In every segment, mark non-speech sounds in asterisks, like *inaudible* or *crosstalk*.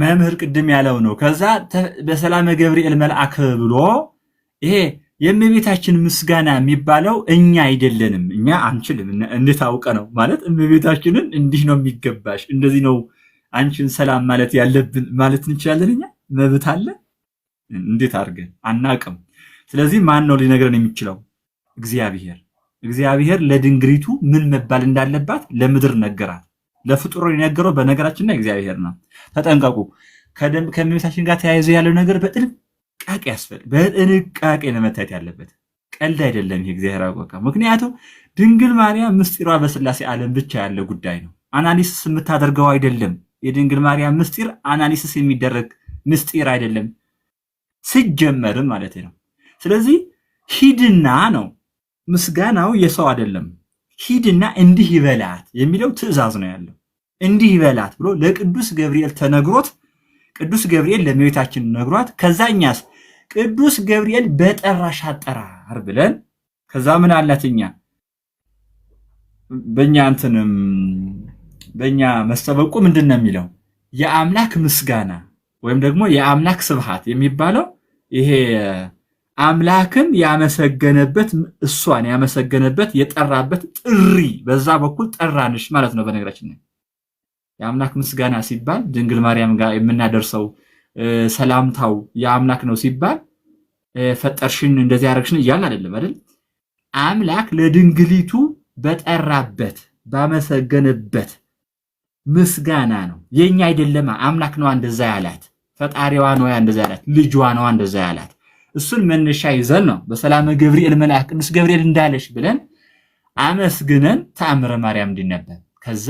መምህር ቅድም ያለው ነው። ከዛ በሰላመ ገብርኤል መልአክ ብሎ ይሄ የእመቤታችን ምስጋና የሚባለው እኛ አይደለንም፣ እኛ አንችልም። እንዴት ነው ማለት እመቤታችንን እንዲህ ነው የሚገባሽ፣ እንደዚህ ነው አንቺን ሰላም ማለት ያለብን ማለት እንችላለን? እኛ መብት አለ? እንዴት አድርገን አናቅም። ስለዚህ ማን ነው ሊነግረን የሚችለው? እግዚአብሔር። እግዚአብሔር ለድንግሪቱ ምን መባል እንዳለባት ለምድር ነገራት። ለፍጡሩ የነገረው በነገራችን ላይ እግዚአብሔር ነው። ተጠንቀቁ። ከእመቤታችን ጋር ተያይዞ ያለው ነገር በጥንቃቄ ያስፈል በጥንቃቄ ለመታየት ያለበት። ቀልድ አይደለም ይህ እግዚአብሔር አወቀ። ምክንያቱም ድንግል ማርያም ምስጢሯ በስላሴ ዓለም ብቻ ያለ ጉዳይ ነው። አናሊሲስ የምታደርገው አይደለም። የድንግል ማርያም ምስጢር አናሊሲስ የሚደረግ ምስጢር አይደለም ሲጀመርም ማለት ነው። ስለዚህ ሂድና ነው ምስጋናው የሰው አይደለም። ሂድና እንዲህ ይበላት የሚለው ትእዛዝ ነው ያለው። እንዲህ ይበላት ብሎ ለቅዱስ ገብርኤል ተነግሮት ቅዱስ ገብርኤል ለመቤታችን ነግሯት፣ ከዛኛስ ቅዱስ ገብርኤል በጠራሽ አጠራር ብለን ከዛ ምን አላት እኛ በእኛ እንትንም በእኛ መስተበቁ ምንድን ነው የሚለው የአምላክ ምስጋና ወይም ደግሞ የአምላክ ስብሃት የሚባለው ይሄ አምላክን ያመሰገነበት እሷን ያመሰገነበት የጠራበት ጥሪ በዛ በኩል ጠራንሽ ማለት ነው። በነገራችን የአምላክ ምስጋና ሲባል ድንግል ማርያም ጋር የምናደርሰው ሰላምታው የአምላክ ነው ሲባል ፈጠርሽን እንደዚህ ያደረግሽን እያልን አይደለም አይደል? አምላክ ለድንግሊቱ በጠራበት ባመሰገነበት ምስጋና ነው። የኛ አይደለማ። አምላክ ነዋ እንደዛ ያላት፣ ፈጣሪዋ ነዋ እንደዛ ያላት፣ ልጇ ነዋ እንደዛ ያላት። እሱን መነሻ ይዘን ነው በሰላመ ገብርኤል መልአክ ቅዱስ ገብርኤል እንዳለሽ ብለን አመስግነን ተአምረ ማርያም እንዲነበብ ከዛ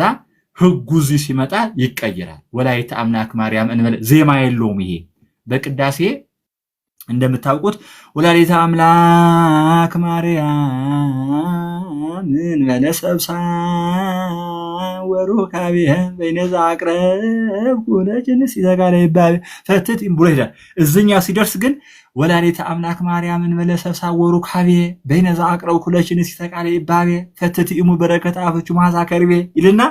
ህጉ እዚህ ሲመጣ ይቀይራል። ወላይተ አምላክ ማርያም እንበል ዜማ የለውም። ይሄ በቅዳሴ እንደምታውቁት ወላዲተ አምላክ ማርያም በለሰብሳ ወሩህ ካብየ በይነዛ አቅረብ ሁነጭንስ ይዘጋለ ይባል ፈትት ብሎ ይሄዳል። እዝኛ ሲደርስ ግን ወላዲተ አምላክ ማርያምን በለሰብሳ ወሩ ካብየ በይነዛ አቅረብ ሁለችንስ ይተቃለ ለይባቤ ፈትት ኢሙ በረከት አፈቹ ማዛ ከርቤ ይልና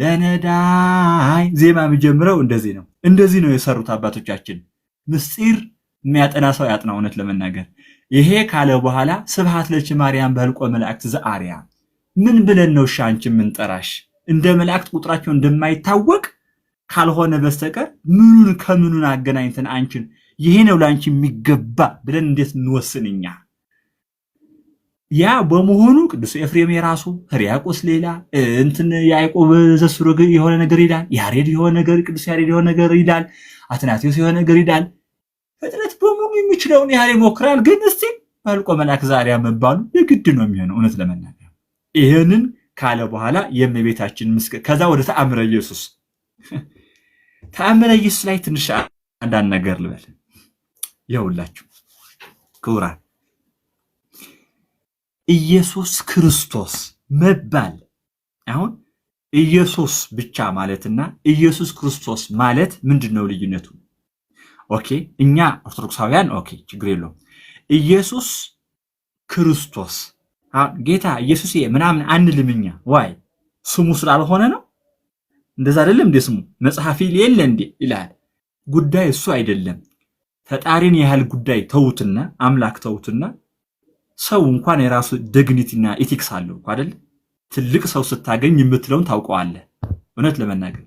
ለነዳይ ዜማ የሚጀምረው እንደዚህ ነው። እንደዚህ ነው የሰሩት አባቶቻችን ምስጢር የሚያጠና ሰው ያጥና። እውነት ለመናገር ይሄ ካለ በኋላ ስብሃት ለች ማርያም በህልቆ መላእክት ዘአርያ ምን ብለን ነው ሻንች አንቺ የምንጠራሽ? እንደ መላእክት ቁጥራቸው እንደማይታወቅ ካልሆነ በስተቀር ምኑን ከምኑን አገናኝተን አንቺን ይሄ ነው ለአንቺ የሚገባ ብለን እንዴት እንወስን እኛ? ያ በመሆኑ ቅዱስ ኤፍሬም የራሱ ሕርያቆስ ሌላ እንትን ያዕቆብ ዘሱረግ የሆነ ነገር ይላል። ያሬድ የሆነ ነገር ቅዱስ ያሬድ የሆነ ነገር ይላል። አትናቴዎስ የሆነ ነገር ይላል። ፍጥረት በሙሉ የሚችለውን ያህል ይሞክራል። ግን እስቲ መልቆ መላክ ዛሬ መባሉ የግድ ነው የሚሆነው እውነት ለመናገር ይህንን ካለ በኋላ የእመቤታችን ምስክ ከዛ ወደ ተአምረ ኢየሱስ *laughs* ተአምረ ኢየሱስ ላይ ትንሽ አንዳንድ ነገር ልበል። ይኸውላችሁ ክቡራን ኢየሱስ ክርስቶስ መባል አሁን ኢየሱስ ብቻ ማለትና ኢየሱስ ክርስቶስ ማለት ምንድን ነው ልዩነቱ? ኦኬ እኛ ኦርቶዶክሳውያን ኦኬ ችግር የለውም። ኢየሱስ ክርስቶስ ጌታ ኢየሱስ ምናምን አንልም እኛ ዋይ ስሙ ስላልሆነ ነው። እንደዛ አይደለም እንዴ? ስሙ መጽሐፊ የለ እንዴ ይላል። ጉዳይ እሱ አይደለም። ፈጣሪን ያህል ጉዳይ ተውትና አምላክ ተውትና ሰው እንኳን የራሱ ደግኒቲና ኢቲክስ አለው እኮ አይደል? ትልቅ ሰው ስታገኝ የምትለውን ታውቀዋለህ። እውነት ለመናገር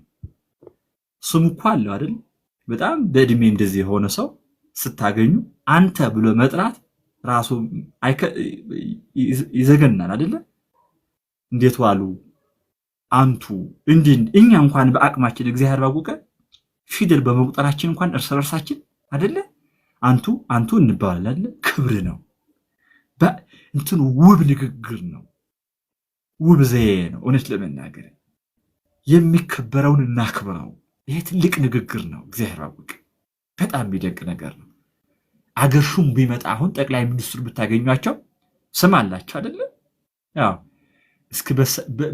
ስሙ እኮ አለው አይደል? በጣም በእድሜ እንደዚህ የሆነ ሰው ስታገኙ አንተ ብሎ መጥራት ራሱ ይዘገናል አይደለ? እንዴት ዋሉ አንቱ እንዲህ እኛ እንኳን በአቅማችን እግዚአብሔር ባወቀ ፊደል በመቁጠራችን እንኳን እርስ በርሳችን አይደለ አንቱ አንቱ እንባላለን። ክብር ነው እንትን ውብ ንግግር ነው፣ ውብ ዘዬ ነው። እውነት ለመናገር የሚከበረውን እናክብረው። ይሄ ትልቅ ንግግር ነው። እግዚአብሔር አወቀ። በጣም የሚደንቅ ነገር ነው። አገር ሹም ቢመጣ አሁን ጠቅላይ ሚኒስትሩ ብታገኟቸው ስም አላቸው አይደለም? ያው እስኪ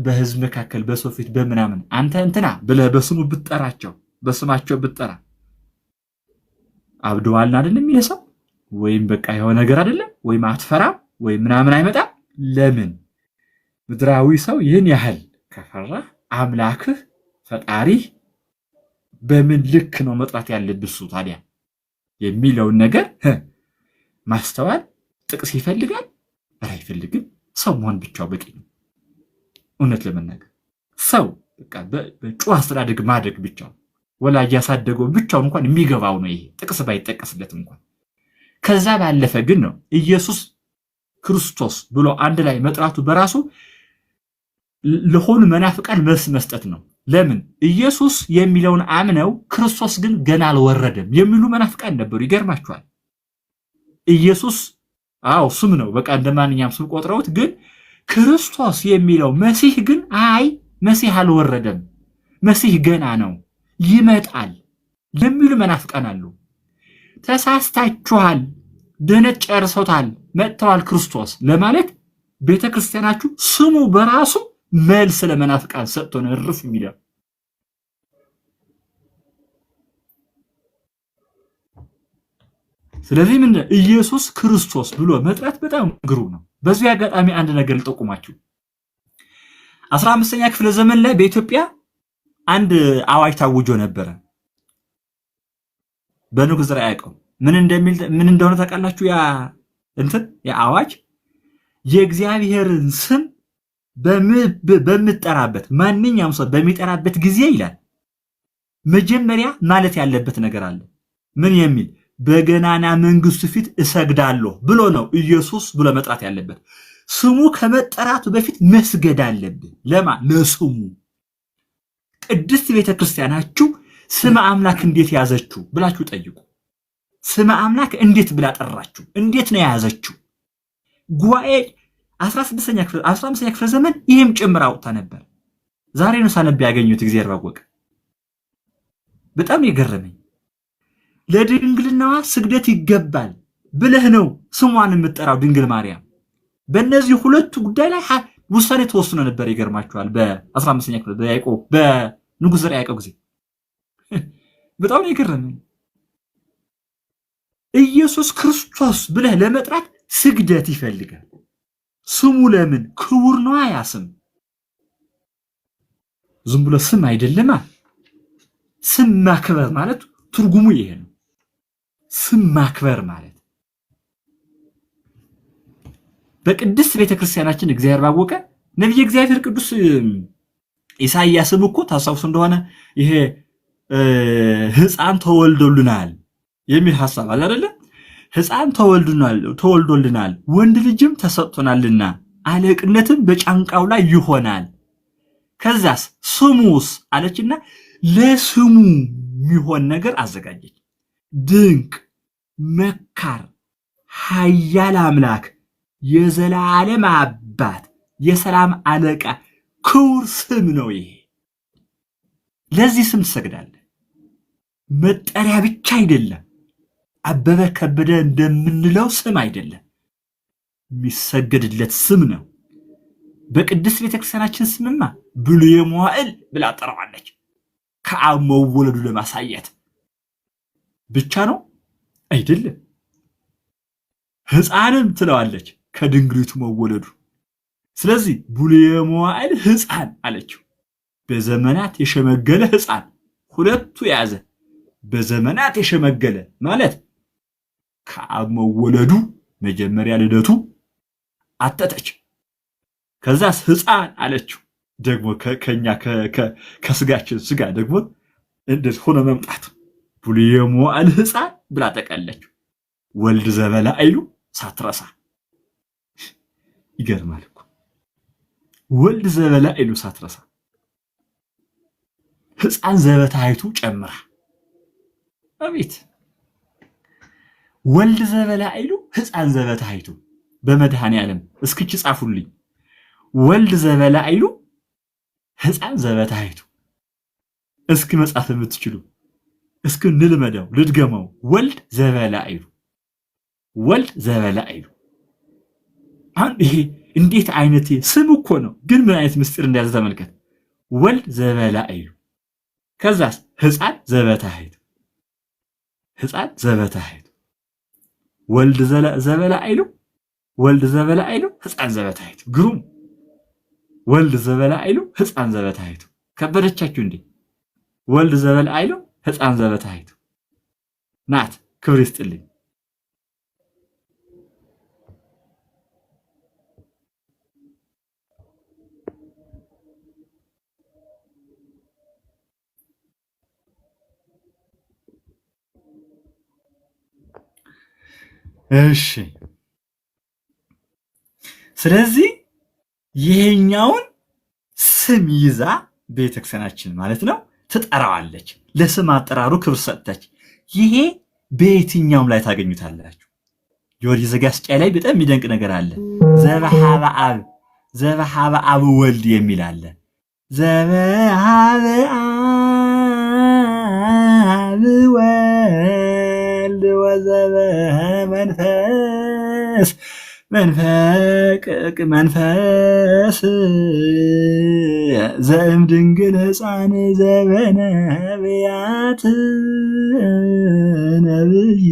በህዝብ መካከል በሰው ፊት በምናምን አንተ እንትና ብለህ በስሙ ብትጠራቸው በስማቸው ብትጠራ አብደዋልን አይደለም ይሄ ሰው ወይም በቃ የሆነ ነገር አይደለም ወይም አትፈራም ወይም ምናምን አይመጣም። ለምን ምድራዊ ሰው ይህን ያህል ከፈራ አምላክህ ፈጣሪህ በምን ልክ ነው መጥራት ያለብህ እሱ ታዲያ የሚለውን ነገር ማስተዋል ጥቅስ ይፈልጋል? ኧረ አይፈልግም። ሰው መሆን ብቻው በቂ ነው። እውነት ለመናገር ሰው በጩ አስተዳደግ ማደግ ብቻው ወላጅ ያሳደገው ብቻውን እንኳን የሚገባው ነው። ይሄ ጥቅስ ባይጠቀስለትም እንኳን ከዛ ባለፈ ግን ነው ኢየሱስ ክርስቶስ ብሎ አንድ ላይ መጥራቱ በራሱ ለሆኑ መናፍቃን መልስ መስጠት ነው። ለምን ኢየሱስ የሚለውን አምነው ክርስቶስ ግን ገና አልወረደም የሚሉ መናፍቃን ነበሩ። ይገርማችኋል። ኢየሱስ አዎ ስም ነው፣ በቃ እንደማንኛውም ስም ቆጥረውት፣ ግን ክርስቶስ የሚለው መሲህ ግን አይ መሲህ አልወረደም፣ መሲህ ገና ነው፣ ይመጣል የሚሉ መናፍቃን አሉ። ተሳስታችኋል፣ ድነት ጨርሶታል፣ መጥተዋል ክርስቶስ ለማለት ቤተ ክርስቲያናችሁ ስሙ በራሱ መልስ ለመናፍቃን ሰጥቶን እርፍ የሚለው ስለዚህ ምን ኢየሱስ ክርስቶስ ብሎ መጥራት በጣም ግሩም ነው። በዚህ አጋጣሚ አንድ ነገር ልጠቁማችሁ። አስራ አምስተኛ ክፍለ ዘመን ላይ በኢትዮጵያ አንድ አዋጅ ታውጆ ነበረ። በንጉሥ ዘርዓ ያዕቆብ ምን እንደሚል ምን እንደሆነ ታውቃላችሁ? ያ እንትን ያ አዋጅ የእግዚአብሔርን ስም በምጠራበት ማንኛውም ሰው በሚጠራበት ጊዜ ይላል መጀመሪያ ማለት ያለበት ነገር አለ። ምን የሚል በገናና መንግስቱ ፊት እሰግዳለሁ ብሎ ነው ኢየሱስ ብሎ መጥራት ያለበት። ስሙ ከመጠራቱ በፊት መስገድ አለብን። ለማ ለስሙ ቅድስት ቤተ ክርስቲያናችሁ ስመ አምላክ እንዴት ያዘችው ብላችሁ ጠይቁ። ስመ አምላክ እንዴት ብላ ጠራችሁ? እንዴት ነው የያዘችው? ጉባኤ 16 ክፍል ክፍለ ዘመን ይህም ጭምር አውጥታ ነበር። ዛሬ ነው ሳነብ ያገኙት እግዚአብሔር ባወቀ በጣም የገረመኝ ለድንግልናዋ ስግደት ይገባል ብለህ ነው ስሟን የምጠራው ድንግል ማርያም። በእነዚህ ሁለቱ ጉዳይ ላይ ውሳኔ ተወስኖ ነበር ይገርማቸዋል ይገርማችኋል። በ15ኛ ክፍል በያዕቆብ በንጉሥ ዘርዓ ያዕቆብ ጊዜ በጣም የገረመኝ። ኢየሱስ ክርስቶስ ብለህ ለመጥራት ስግደት ይፈልጋል። ስሙ ለምን ክቡር ነው? ያ ስም ዝም ብሎ ስም አይደለማ። ስም ማክበር ማለት ትርጉሙ ይሄ ነው። ስም ማክበር ማለት በቅድስት ቤተክርስቲያናችን እግዚአብሔር ባወቀ ነቢየ እግዚአብሔር ቅዱስ ኢሳይያስም እኮ ታስታውሱ እንደሆነ ይሄ ሕፃን ተወልዶልናል የሚል ሐሳብ አለ አይደለም? ሕፃን ተወልዶልናል፣ ወንድ ልጅም ተሰጥቶናልና አለቅነትም በጫንቃው ላይ ይሆናል። ከዛስ ስሙስ አለችና ለስሙ የሚሆን ነገር አዘጋጀች። ድንቅ መካር፣ ኃያል አምላክ፣ የዘላለም አባት፣ የሰላም አለቃ ክቡር ስም ነው ይሄ። ለዚህ ስም ትሰግዳለህ። መጠሪያ ብቻ አይደለም። አበበ ከበደ እንደምንለው ስም አይደለም፣ የሚሰገድለት ስም ነው። በቅድስት ቤተክርስቲያናችን ስምማ ብሉየ መዋዕል ብላ ጠራዋለች። ከአብ መወለዱ ለማሳየት ብቻ ነው አይደለም። ሕፃንም ትለዋለች ከድንግሊቱ መወለዱ። ስለዚህ ብሉየ መዋዕል ሕፃን አለችው። በዘመናት የሸመገለ ሕፃን ሁለቱ የያዘ በዘመናት የሸመገለ ማለት ከአብ መወለዱ መጀመሪያ ልደቱ አጠጠች። ከዛስ ህፃን አለችው። ደግሞ ከኛ ከስጋችን ስጋ ደግሞ እንደዚህ ሆነ መምጣት ቡልየሞ አል ህፃን ብላ ጠቀለችው። ወልድ ዘበላ አይሉ ሳትረሳ ይገርማል እኮ ወልድ ዘበላ አይሉ ሳትረሳ ዘበታ ዘበታይቱ ጨምራ አቤት ወልድ ዘበላዕሉ ሕፃን ዘበታሕቱ በመድኃኔ ዓለም እስክች ጻፉልኝ። ወልድ ዘበላዕሉ ሕፃን ዘበታሕቱ። እስኪ መጻፍ የምትችሉ እስኪ ንልመደው ልድገመው። ወልድ ዘበላዕሉ ወልድ ዘበላዕሉ። አሁን ይሄ እንዴት አይነት ስም እኮ ነው፣ ግን ምን አይነት ምስጢር እንደያዘ ተመልከት። ወልድ ዘበላዕሉ ከዛስ ሕፃን ዘበታሕቱ ሕፃን ዘበታሕቱ ወልድ ዘበላ አይሉ ወልድ ዘበላ አይሉ ህፃን ዘበታይቱ ግሩም ወልድ ዘበላ አይሉ ህፃን ዘበታይቱ ከበደቻችሁ እንዴ ወልድ ዘበላ አይሉ ህፃን ዘበታይቱ ናት ክብር ይስጥልኝ እሺ ስለዚህ ይሄኛውን ስም ይዛ ቤተክርስቲያናችን ማለት ነው ትጠራዋለች። ለስም አጠራሩ ክብር ሰጥታች። ይሄ በየትኛውም ላይ ታገኙታላችሁ። ጊዮርጊስ ዘጋስጫይ ላይ በጣም የሚደንቅ ነገር አለ። ዘበሃበ አብ ዘበሃበ አብ ወልድ የሚል አለ። ዘበሃበ ወዘበሀ መንፈስ መንፈቅቅ መንፈስ ዘእም ድንግል ሕፃን ዘበነ ብያት ነብይ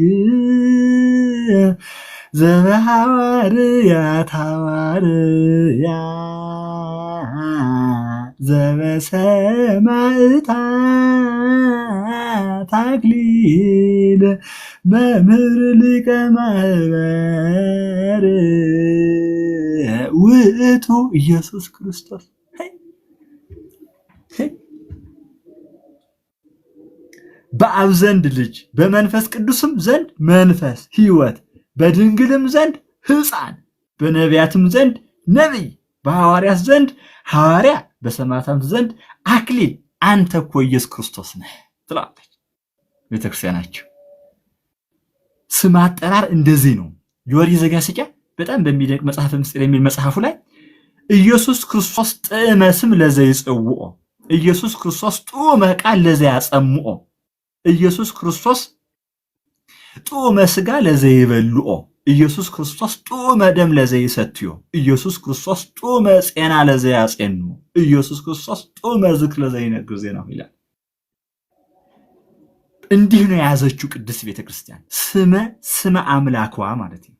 ዘበሐዋርያት ሐዋርያት ዘበሰማዕታት አክሊል መምህር ሊቀ ማህበር ውእቱ ኢየሱስ ክርስቶስ በአብ ዘንድ ልጅ በመንፈስ ቅዱስም ዘንድ መንፈስ ሕይወት በድንግልም ዘንድ ሕፃን በነቢያትም ዘንድ ነቢይ በሐዋርያት ዘንድ ሐዋርያ በሰማዕታት ዘንድ አክሊል አንተ እኮ ኢየሱስ ክርስቶስ ነህ ትላለች ቤተክርስቲያናቸው። ስም አጠራር እንደዚህ ነው። ዮሐንስ ዘጋስጫ በጣም በሚደንቅ መጽሐፍ ምስጢር የሚል መጽሐፉ ላይ ኢየሱስ ክርስቶስ ጥዕመ ስም ለዘ ይጽውኦ፣ ኢየሱስ ክርስቶስ ጥዑመ ቃል ለዘ ያጸምኦ፣ ኢየሱስ ክርስቶስ ጡመ ለዘይ ለዘይበልኦ ኢየሱስ ክርስቶስ ጡመ ደም ለዘይሰትዮ ኢየሱስ ክርስቶስ ጡመ ጼና ለዘያጼኑ ኢየሱስ ክርስቶስ ጡመ ዝክር ለዘይነግር ዜናው ይላል። እንዲህ ነው የያዘችው ቅድስት ቤተ ክርስቲያን ስመ ስመ አምላክዋ ማለት ነው።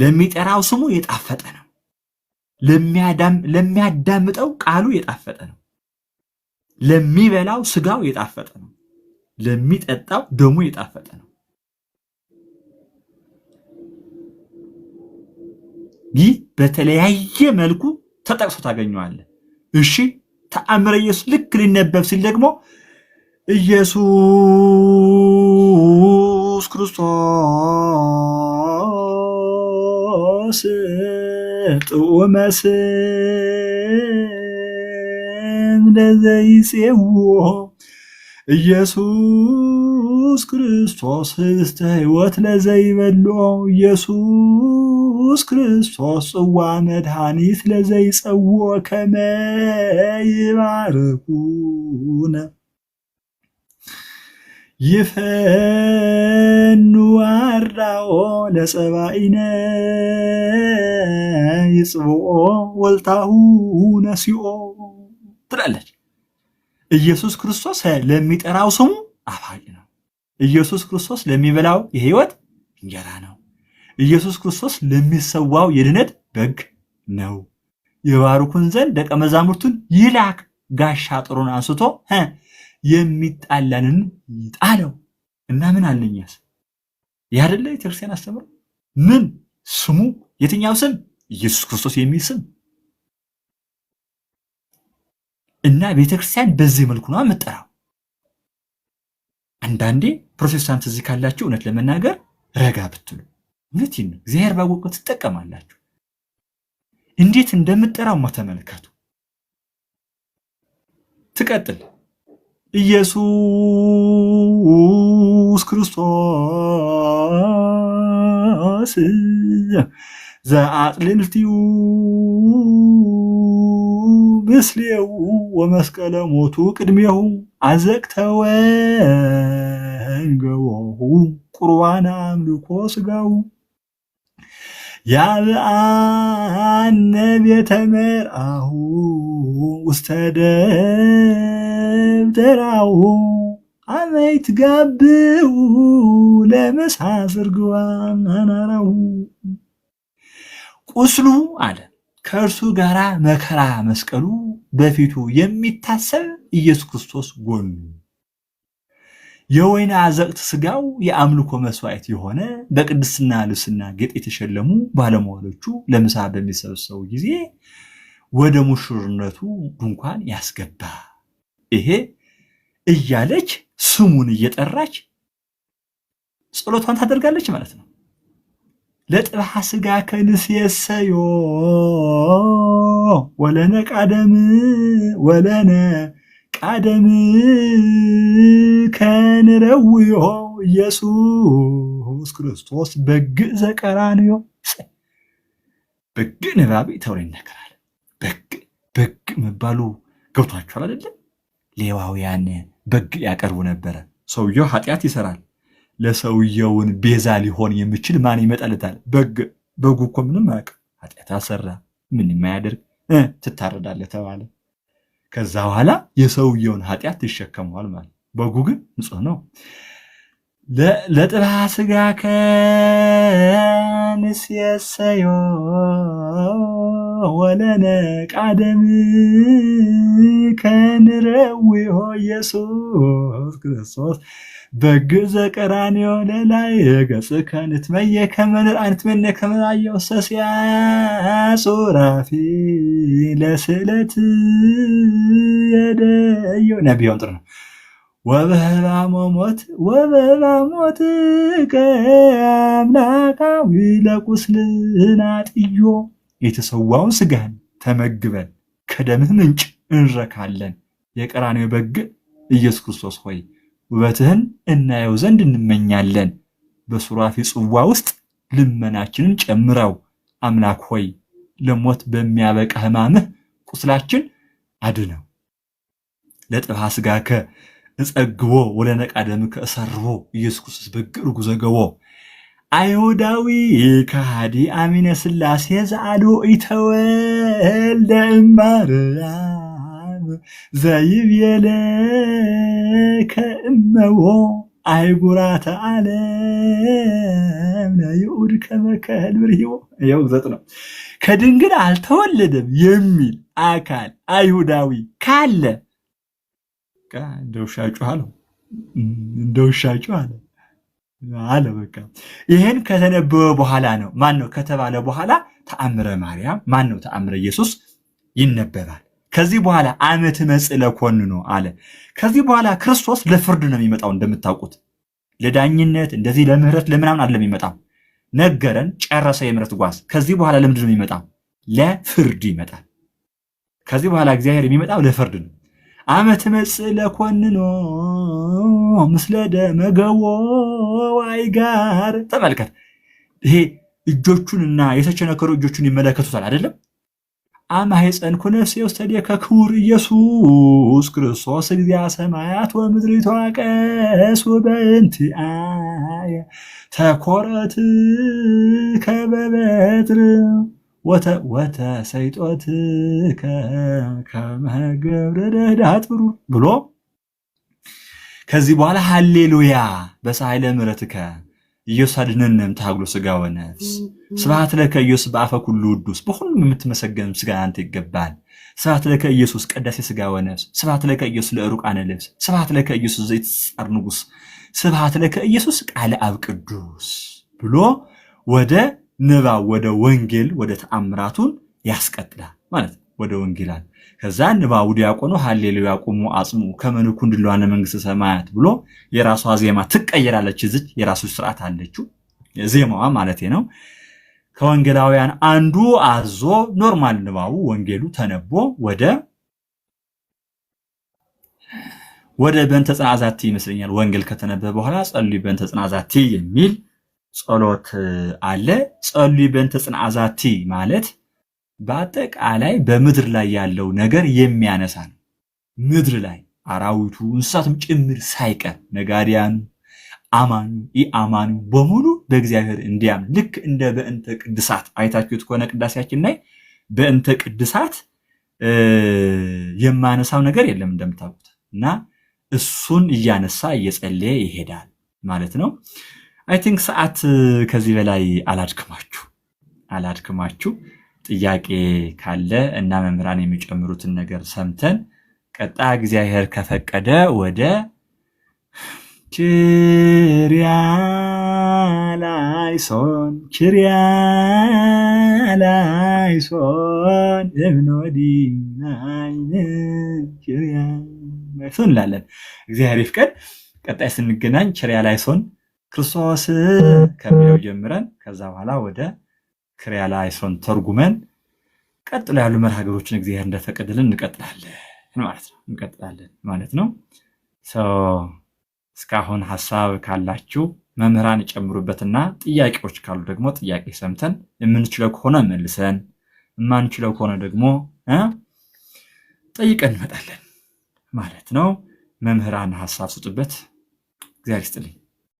ለሚጠራው ስሙ የጣፈጠ ነው። ለሚያዳምጠው ቃሉ የጣፈጠ ነው። ለሚበላው ስጋው የጣፈጠ ነው። ለሚጠጣው ደሙ የጣፈጠ ነው። ይህ በተለያየ መልኩ ተጠቅሶ ታገኘዋለ። እሺ ተአምረ ኢየሱስ ልክ ሊነበብ ሲል ደግሞ ኢየሱስ ክርስቶስ ጥዑመ ስም ኢየሱስ ክርስቶስ ህብስተ ህይወት ለዘይበሎ ኢየሱስ ክርስቶስ ጽዋ መድኃኒት ለዘይጸውዖ ከመ ይባርኩነ ይፈኑ አራዎ ለጸባኢነ ይጽብኦ ወልታሁ ነሲኦ ትላለች። ኢየሱስ ክርስቶስ ለሚጠራው ስሙ አፋጭ ነው። ኢየሱስ ክርስቶስ ለሚበላው የህይወት እንጀራ ነው። ኢየሱስ ክርስቶስ ለሚሰዋው የድነት በግ ነው። የባርኩን ዘንድ ደቀ መዛሙርቱን ይላክ ጋሻ ጥሩን አንስቶ የሚጣላንን ይጣለው እና ምን አለኛስ ያደለ የቤተክርስቲያን አስተምሮ ምን ስሙ የትኛው ስም ኢየሱስ ክርስቶስ የሚል ስም እና ቤተክርስቲያን በዚህ መልኩ ነው የምጠራው። አንዳንዴ ፕሮቴስታንት እዚህ ካላችሁ እውነት ለመናገር ረጋ ብትሉ እውነት ነው እግዚአብሔር ባወቀው ትጠቀማላችሁ። እንዴት እንደምጠራው ተመልከቱ። ትቀጥል ኢየሱስ ክርስቶስ ዘአጽልልትዩ ምስሌው ወመስቀለ ሞቱ ቅድሜሁ አዘቅተወ እንገቦሁ ቁርባን አምልኮ ስጋው ያብአነ ቤተ መርአሁ ውስተ ደብተራሁ አመይት ጋብው ለመሳፍር ግዋም አናራሁ ቁስሉ አለ ከእርሱ ጋር መከራ መስቀሉ በፊቱ የሚታሰብ ኢየሱስ ክርስቶስ ጎን የወይን አዘቅት ስጋው የአምልኮ መስዋዕት የሆነ በቅድስና ልብስና ጌጥ የተሸለሙ ባለሟሎቹ ለምሳ በሚሰበሰቡ ጊዜ ወደ ሙሽርነቱ ድንኳን ያስገባ። ይሄ እያለች ስሙን እየጠራች ጸሎቷን ታደርጋለች ማለት ነው። ለጥብሐ ስጋ ከንስየሰ ዮ ወለነ ቃደም ወለነ ቃደም ከንረውዮ ኢየሱስ ክርስቶስ በግዕ ዘቀራንዮ በግዕ ንባብ ተብሎ ይነገራል። በግዕ በግዕ መባሉ ገብቷችኋል አይደለም? ሌዋውያን በግዕ ያቀርቡ ነበረ። ሰውየው ኃጢአት ይሰራል ለሰውየውን ቤዛ ሊሆን የሚችል ማን ይመጣልታል? በግ። በጉ እኮ ምንም አያውቅም። ኃጢአት አሰራ ምን የማያደርግ ትታረዳለህ ተባለ። ከዛ በኋላ የሰውየውን ኃጢአት ትሸከመዋል ማለት። በጉ ግን ንጹህ ነው። ለጥላ ስጋ እንኳንስ የሰዮ ወለነ ወለነቃደም ከንረዊሆ ኢየሱስ ክርስቶስ በግዘ ዘቀራንዮ ለላይ ገጽከ ንትመየ ከመንር ንርአ ንትመነ ከመ ንርአዮ ሰሲያጹራፊ ለስለት የደዮ ነቢዮን ጥር ነው። ወበህላሞ ሞት ወበህላሞ ለቁስልና ጥዮ የተሰዋውን ስጋህን ተመግበን ከደምህ ምንጭ እንረካለን። የቀራኔው በግ ኢየሱስ ክርስቶስ ሆይ ውበትህን እናየው ዘንድ እንመኛለን። በሱራፊ ጽዋ ውስጥ ልመናችንን ጨምረው። አምላክ ሆይ ለሞት በሚያበቃ ህማምህ ቁስላችን አድነው። ለጥፋ ስጋከ እጸግቦ ነቃደም ከእሰርቦ ኢየሱስ ክርስቶስ በግርጉ ዘገቦ አይሁዳዊ ከሃዲ አሚነ ስላሴ ዘአዶ ኢተወልደ እማርያም ዘይብየለከ እመዎ አይጉራተ ዓለም ለይሁድ ከመከህል ብርሂቦ ይኸው ዘጥ ነው። ከድንግል አልተወለደም የሚል አካል አይሁዳዊ ካለ እንደ አለው እንደ አለ አለ በቃ ይሄን ከተነበበ በኋላ ነው ማን ነው ከተባለ በኋላ ተአምረ ማርያም ማን ነው ተአምረ ኢየሱስ ይነበባል። ከዚህ በኋላ አመት ለኮን ነው አለ። ከዚህ በኋላ ክርስቶስ ለፍርድ ነው የሚመጣው። እንደምታውቁት ለዳኝነት እንደዚህ ለምህረት ለምናምን አይደለም የሚመጣው። ነገረን፣ ጨረሰ የምህረት ጓዝ። ከዚህ በኋላ ለምንድን ነው የሚመጣው? ለፍርድ ይመጣል። ከዚህ በኋላ እግዚአብሔር የሚመጣው ለፍርድ ነው። አመት መጽእ ለኮንኖ ምስለ ዋይ ጋር ተመልከት፣ ይሄ እጆቹን እና የተቸነከሩ እጆቹን ይመለከቱታል አይደለም? አማሕፀን ጸንኩ ነፍሴ ዲከ ከክቡር ኢየሱስ ክርስቶስ እግዚአ ሰማያት ወምድር ይትዋቀስ በእንቲአየ ተኮረት ከበበትር ወተሰይጦትከ ከመ ገብረ ደህድሃ አጥብሩ ብሎ ከዚህ በኋላ ሃሌሉያ በሳይለ ምሕረትከ ኢየሱስ አድነንም ታግሎ ስጋ ወነፍስ ስብሐት ለከ ኢየሱስ በአፈ ኩሉ ውዱስ በሁሉም የምትመሰገን ስጋ አንተ ይገባል። ስብሐት ለከ ኢየሱስ ቀዳሴ ስጋ ወነፍስ ስብሐት ለከ ኢየሱስ ለዕሩቃነ ልብስ ስብሐት ለከ ኢየሱስ ዘይት ጻር ንጉስ ስብሐት ለከ ኢየሱስ ቃለ አብ ቅዱስ ብሎ ወደ ንባብ ወደ ወንጌል ወደ ተአምራቱን ያስቀጥላል ማለት ወደ ወንጌላል ከዛ ንባቡ ዲያቆኑ ሀሌሉ ቁሙ አጽሙ ከመ ንኩን ድሉዋነ ሰማያት ብሎ የራሷ ዜማ ትቀየራለች። እዚች የራሱ ስርዓት አለችው ዜማዋ ማለት ነው። ከወንጌላውያን አንዱ አዞ ኖርማል ንባቡ ወንጌሉ ተነቦ ወደ ወደ በእንተ ጽንዐ ይመስለኛል ወንጌል ከተነበበ በኋላ ጸልዩ በእንተ ጽንዐ የሚል ጸሎት አለ። ጸሉ በእንተ ጽንዓዛቲ ማለት በአጠቃላይ በምድር ላይ ያለው ነገር የሚያነሳ ነው። ምድር ላይ አራዊቱ እንስሳትም ጭምር ሳይቀር ነጋዲያኑ፣ አማኙ፣ ኢአማኙ በሙሉ በእግዚአብሔር እንዲያምን ልክ እንደ በእንተ ቅድሳት አይታችሁት ከሆነ ቅዳሴያችን ላይ በእንተ ቅድሳት የማነሳው ነገር የለም እንደምታውቁት እና እሱን እያነሳ እየጸለየ ይሄዳል ማለት ነው። አይ ቲንክ ሰዓት ከዚህ በላይ አላድክማችሁ አላድክማችሁ። ጥያቄ ካለ እና መምህራን የሚጨምሩትን ነገር ሰምተን ቀጣ እግዚአብሔር ከፈቀደ ወደ ችሪያ ላይሶን ችሪያ እብንወዲናይን ችሪያ እንላለን። እግዚአብሔር ይፍቀድ። ቀጣይ ስንገናኝ ችሪያ ላይሶን ክርስቶስ ከሚለው ጀምረን ከዛ በኋላ ወደ ክሪያላይሶን ተርጉመን ቀጥሎ ያሉ መርሃ ግብሮችን እግዚአብሔር እንደፈቀደልን እንቀጥላለን ማለት ነው። እንቀጥላለን ማለት ነው። እስካሁን ሀሳብ ካላችሁ መምህራን የጨምሩበትና ጥያቄዎች ካሉ ደግሞ ጥያቄ ሰምተን የምንችለው ከሆነ መልሰን የማንችለው ከሆነ ደግሞ ጠይቀን እንመጣለን ማለት ነው። መምህራን ሀሳብ ስጡበት። እግዚአብሔር ይስጥልኝ።